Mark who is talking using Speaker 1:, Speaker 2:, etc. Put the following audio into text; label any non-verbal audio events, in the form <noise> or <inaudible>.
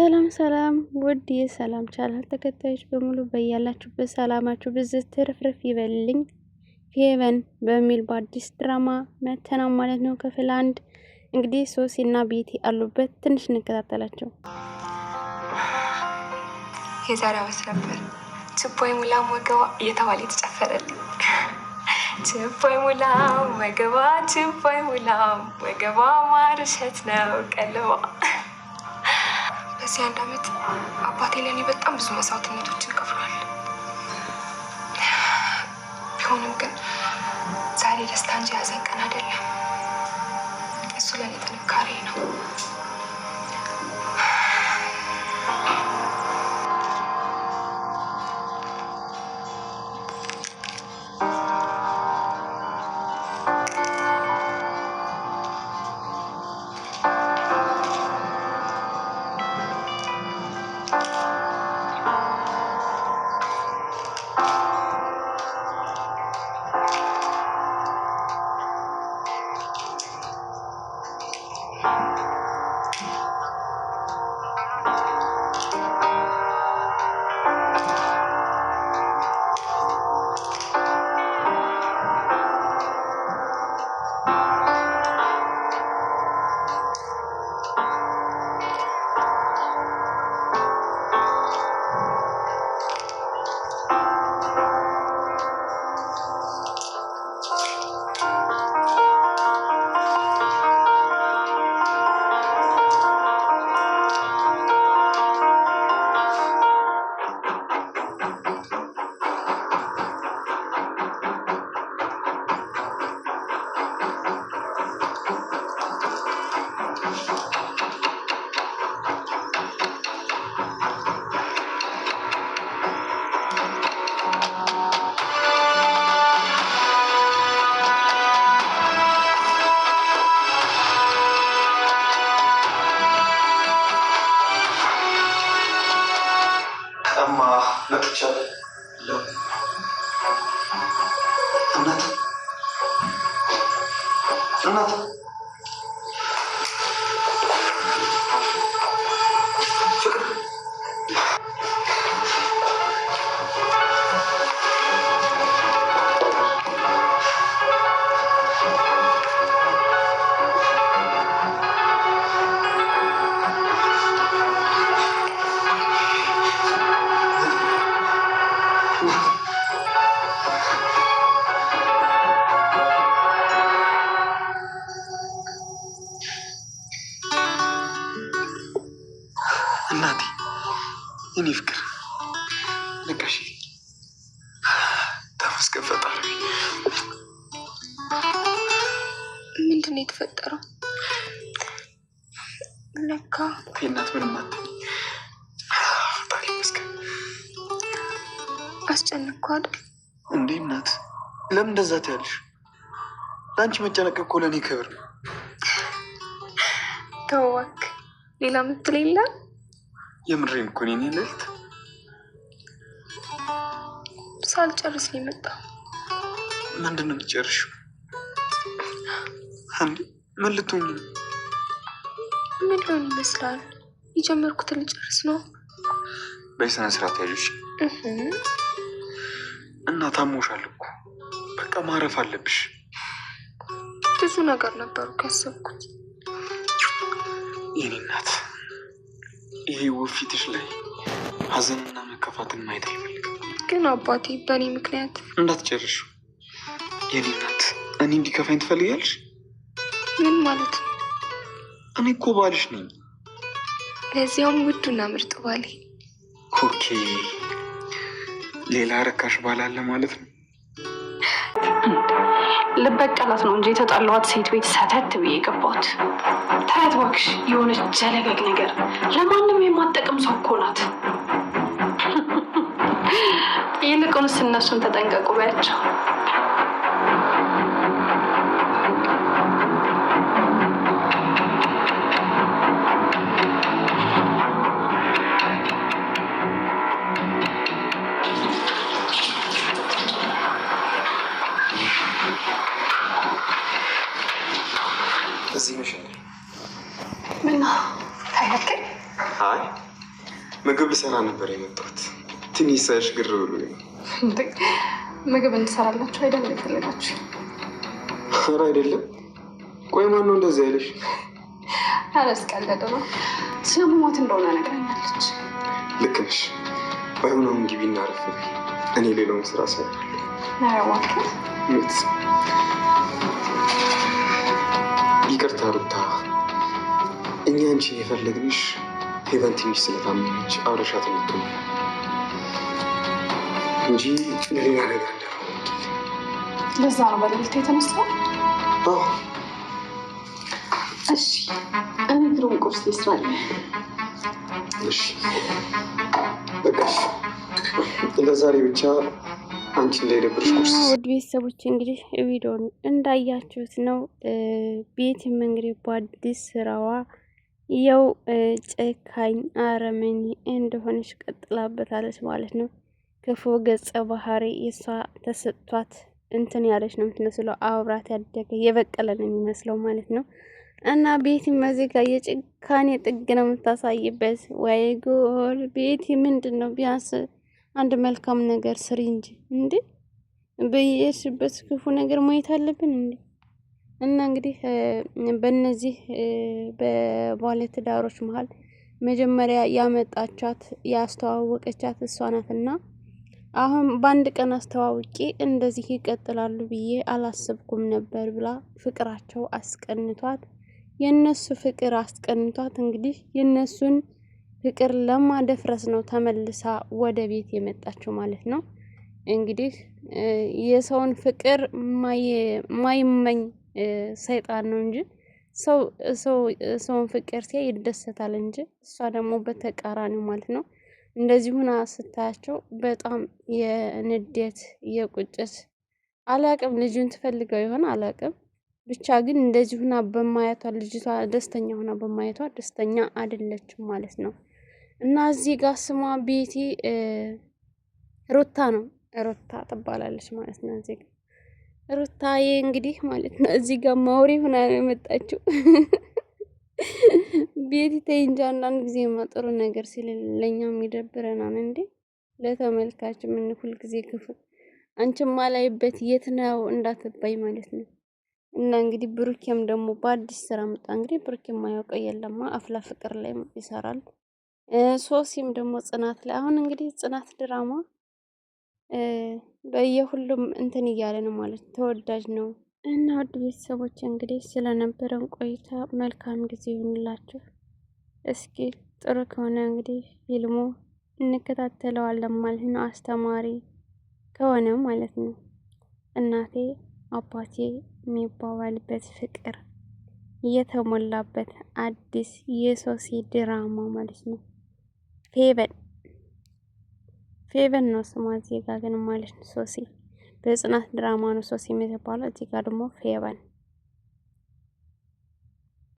Speaker 1: ሰላም ሰላም ውድ የሰላም ቻናል ተከታዮች በሙሉ በያላችሁበት ሰላማችሁ ብዝት ትርፍርፍ ይበልልኝ። ፌቨን በሚል በአዲስ ድራማ መተና ማለት ነው ክፍል አንድ። እንግዲህ ሶሲ እና ቤቲ አሉበት ትንሽ እንከታተላቸው።
Speaker 2: የዛሬ አመት ነበር ችቦይ ሙላ ወገባ እየተባለ የተጨፈረልኝ ችቦይ ሙላ ወገባ ችቦይ ሙላ ወገባ ማርሸት ነው ቀለባ በዚህ አንድ አመት አባቴ ለእኔ በጣም ብዙ መስዋዕትነቶችን ከፍሏል። ቢሆንም ግን ዛሬ ደስታ እንጂ ያዘን ቀን አይደለም። እሱ ለእኔ ጥንካሬ ነው።
Speaker 3: 行 የኔ ፍቅር ልቀሽ ተመስገን ፈጣሪ።
Speaker 2: ምንድን ነው የተፈጠረው? ለካ
Speaker 3: እናት ምንም አትኝ። ፈጣሪ
Speaker 2: አስጨነቅኩ አይደል
Speaker 3: እንዴ? እናት ለምን እንደዛ ትያለሽ? ለአንቺ መጨነቅ እኮ ለእኔ ክብር ነው።
Speaker 2: ተው እባክህ ሌላ ምትል የለም
Speaker 3: የምድሬን እኮ ነው። እኔ
Speaker 2: ሳልጨርስ ነው የመጣ።
Speaker 3: ምንድን ነው የምትጨርሺው? አንዴ ምን ልትሆኝ ነው?
Speaker 2: ምን ሊሆን ይመስላል? የጀመርኩትን ልጨርስ ነው።
Speaker 3: በስነ ስርዓት ያዥሽ እና ታሞሻል እኮ በቃ ማረፍ አለብሽ።
Speaker 2: ብዙ ነገር ነበሩ ያሰብኩት
Speaker 3: የኔ እናት ይሄ ውፊትሽ ላይ ሀዘንና መከፋትን ማየት አልፈልግም።
Speaker 2: ግን አባቴ በእኔ ምክንያት
Speaker 3: እንዳትጨርሹ። የኔ እናት እኔ እንዲከፋኝ ትፈልጊያለሽ?
Speaker 2: ምን ማለት ነው?
Speaker 3: እኔ እኮ ባልሽ ነኝ፣
Speaker 2: ለዚያውም ውዱና ምርጥ ባሌ።
Speaker 3: ኦኬ ሌላ ረካሽ ባል አለ ማለት ነው።
Speaker 2: <laughs> ልበቀላት ነው እንጂ የተጣላኋት ሴት ቤት ሰተት ብዬ የገባሁት። ታያት እባክሽ፣ የሆነች ጀለገግ ነገር ለማንም የማጠቅም ሰው እኮ ናት። ይልቁንስ እነሱን ተጠንቀቁ በያቸው።
Speaker 3: ምግብ ልሰራ ነበር የመጣሁት። ትንሽ ሳይሽ ግር ብሎ
Speaker 2: ምግብ እንድሰራላችሁ አይደል የፈለጋችሁ?
Speaker 3: ኧረ አይደለም። ቆይ ነው እንደዚህ አይለሽ?
Speaker 2: ኧረ ስቀልድ ነው። ስሙ እንደሆነ ነግራኛለች።
Speaker 3: ልክ ነሽ። ባይሆነውም ግቢ እናረፍ። እኔ ሌላውን ስራ ሰ ይቅርታ ሩታ፣ እኛ አንቺ የፈለግንሽ ሄቨን ትንሽ ስለታመመች አብረሻት የምትሆን እንጂ ለሌላ ነገር
Speaker 2: ለዛ ነው በሌሊት የተነሳው። እሺ፣ እኔ ግሩም ቁርስ ልስራል።
Speaker 3: እሺ፣ በቃ ለዛሬ ብቻ አንቺ እንዳይደብርሽ ቁርስ።
Speaker 1: ውድ ቤተሰቦች እንግዲህ ቪዲዮን እንዳያችሁት ነው ቤትም እንግዲህ በአዲስ ስራዋ ያው ጨካኝ አረመኒ እንደሆነች ቀጥላበታለች ማለት ነው። ክፉ ገጸ ባህሪ የእሷ ተሰጥቷት እንትን ያለች ነው የምትመስለው። አብራት ያደገ የበቀለ ነው የሚመስለው ማለት ነው። እና ቤቲ መዚጋ የጭካኔ ጥግ ነው የምታሳይበት። ወይ ጎል ቤቲ፣ ምንድን ነው ቢያንስ አንድ መልካም ነገር ስሪ እንጂ እንዴ! በየሽበት ክፉ ነገር ማየት አለብን እንዴ? እና እንግዲህ በእነዚህ በባለ ዳሮች መሀል መጀመሪያ ያመጣቻት ያስተዋወቀቻት እሷ እና አሁን በአንድ ቀን አስተዋውቂ እንደዚህ ይቀጥላሉ ብዬ አላሰብኩም ነበር ብላ ፍቅራቸው አስቀንቷት የእነሱ ፍቅር አስቀንቷት እንግዲህ የእነሱን ፍቅር ለማደፍረስ ነው ተመልሳ ወደ ቤት የመጣችው ማለት ነው። እንግዲህ የሰውን ፍቅር ማይመኝ ሰይጣን ነው እንጂ ሰው ሰውን ፍቅር ሲያይ ይደሰታል እንጂ እሷ ደግሞ በተቃራኒው ማለት ነው። እንደዚህ ሁና ስታያቸው በጣም የንዴት የቁጭት አላቅም ልጁን ትፈልገው ይሆን አላቅም። ብቻ ግን እንደዚህ ሁና በማየቷ ልጅቷ ደስተኛ ሁና በማየቷ ደስተኛ አይደለችም ማለት ነው። እና እዚህ ጋር ስሟ ቤቲ ሩታ ነው ሩታ ትባላለች ማለት ነው እዚህ ሩታዬ እንግዲህ ማለት ነው እዚህ ጋር ማውሪ ሆና ነው የመጣችው። ቤት ተይ እንጂ አንዳንድ ጊዜ ጥሩ ነገር ሲልል ለእኛም እንዴ። ለተመልካች ምን ሁል ጊዜ ክፉ አንቺም ላይበት የት ነው እንዳትባይ ማለት ነው። እና እንግዲህ ብሩኬም ደግሞ በአዲስ ስራ መጣ። እንግዲህ ብሩኬ ማያውቀው የለማ አፍላ ፍቅር ላይ ይሰራል። ሶሲም ደግሞ ጽናት ላይ አሁን እንግዲህ ጽናት ድራማ በየሁሉም እንትን እያለ ነው ማለት ተወዳጅ ነው። እና ውድ ቤተሰቦች እንግዲህ ስለነበረን ቆይታ መልካም ጊዜ ይሁንላችሁ። እስኪ ጥሩ ከሆነ እንግዲህ ፊልሙ እንከታተለዋለን ማለት ነው። አስተማሪ ከሆነ ማለት ነው። እናቴ አባቴ የሚባባልበት ፍቅር የተሞላበት አዲስ የሶሲ ድራማ ማለት ነው ፌቨን ፌቨን ነው ስሟ እዚህ ጋር ግን ማለት ነው ሶሲ በጽናት ድራማ ነው ሶሲ የምትባለው። እዚህ ጋር ደግሞ ፌቨን